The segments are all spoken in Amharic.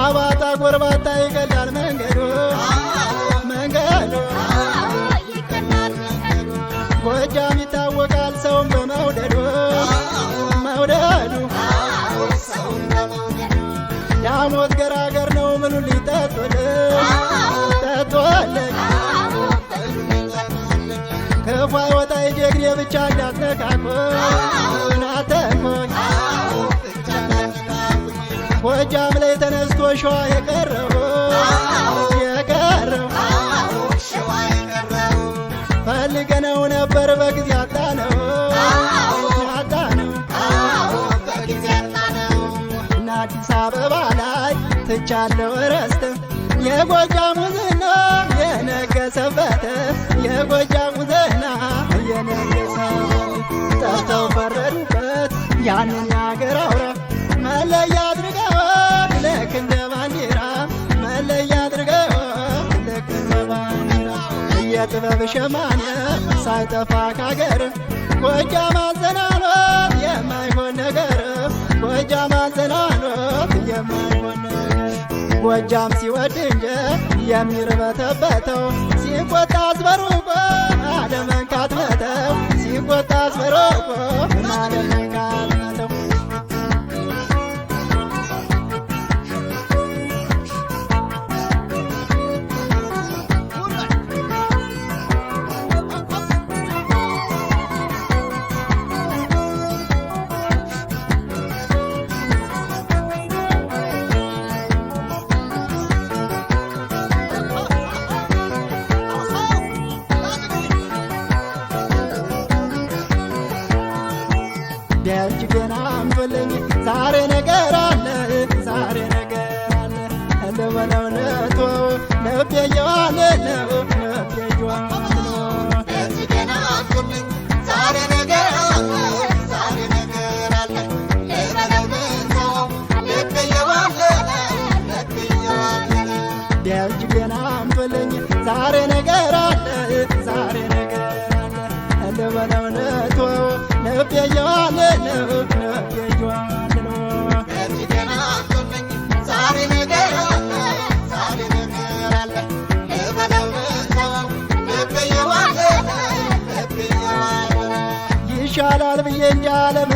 አባጣ ጎርባጣ ይቀዳል መንገዱ መንገዱ ጎጃም ይታወቃል ሰው ብቻ እንዳስተካክል አተሞኝ ጎጃም ላይ ተነስቶ ሸዋ የቀረው የቀረው ፈልገነው ነበር በጊዜ አጣነው አዲስ አበባ ላይ ትቻለው እረስተ የጎጃሙ ዝና የነገሰበት ያንን ያገር አውራ መለያ አድርገው ልክ እንደ ባንዲራ መለያ አድርገው ልክ እንደ ባንዲራ የጥበብ ሸማኔ ሳይጠፋ ካገር ጎጃ ማዘናኖት የማይሆን ነገር ጎጃ ማዘናኖት የማይሆን ጎጃም ሲወድ እንጂ የሚርበተበተው ሲቆጣ አዝበሩቆ አለመንካት መተው ሲቆጣ አዝበሩቆ አለመንካት ገና አንበለኝ ዛሬ ነገራ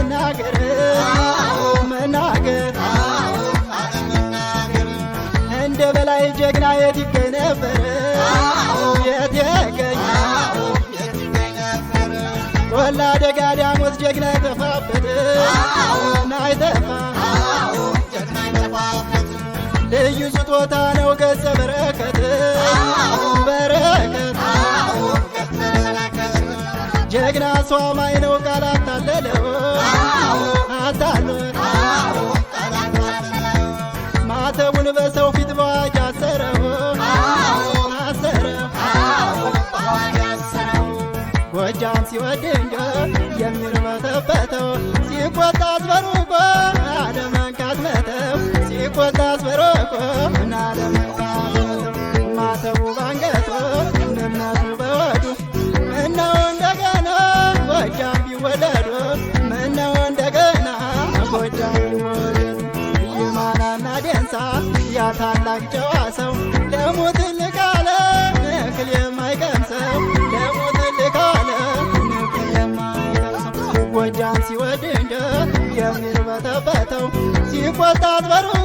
አለመናገር መናገር እንደ በላይ ጀግና የት ይገኝ ነበር? የት ይገኝ ወላ ደጋ ዳሞት ጀግና የተፋበት ናይተፋ ልዩ ስጦታ ነው ገጸ በረከት በረከት ጀግና ሷማይ ነው ቃላት ወድንዶ የሚርመተበተው ሲቆጣ አስበሮቆ አለመንካት መተው ሲቆጣ ማተቡ ባንገቶ በወዱ ምነው እንደገና ጎጃም ቢወለዱ ምነው እንደገና ጎጃም ቢወለዱ ይማናና ደንሳ ያታላቅ ጨዋ ሰው ለሙት a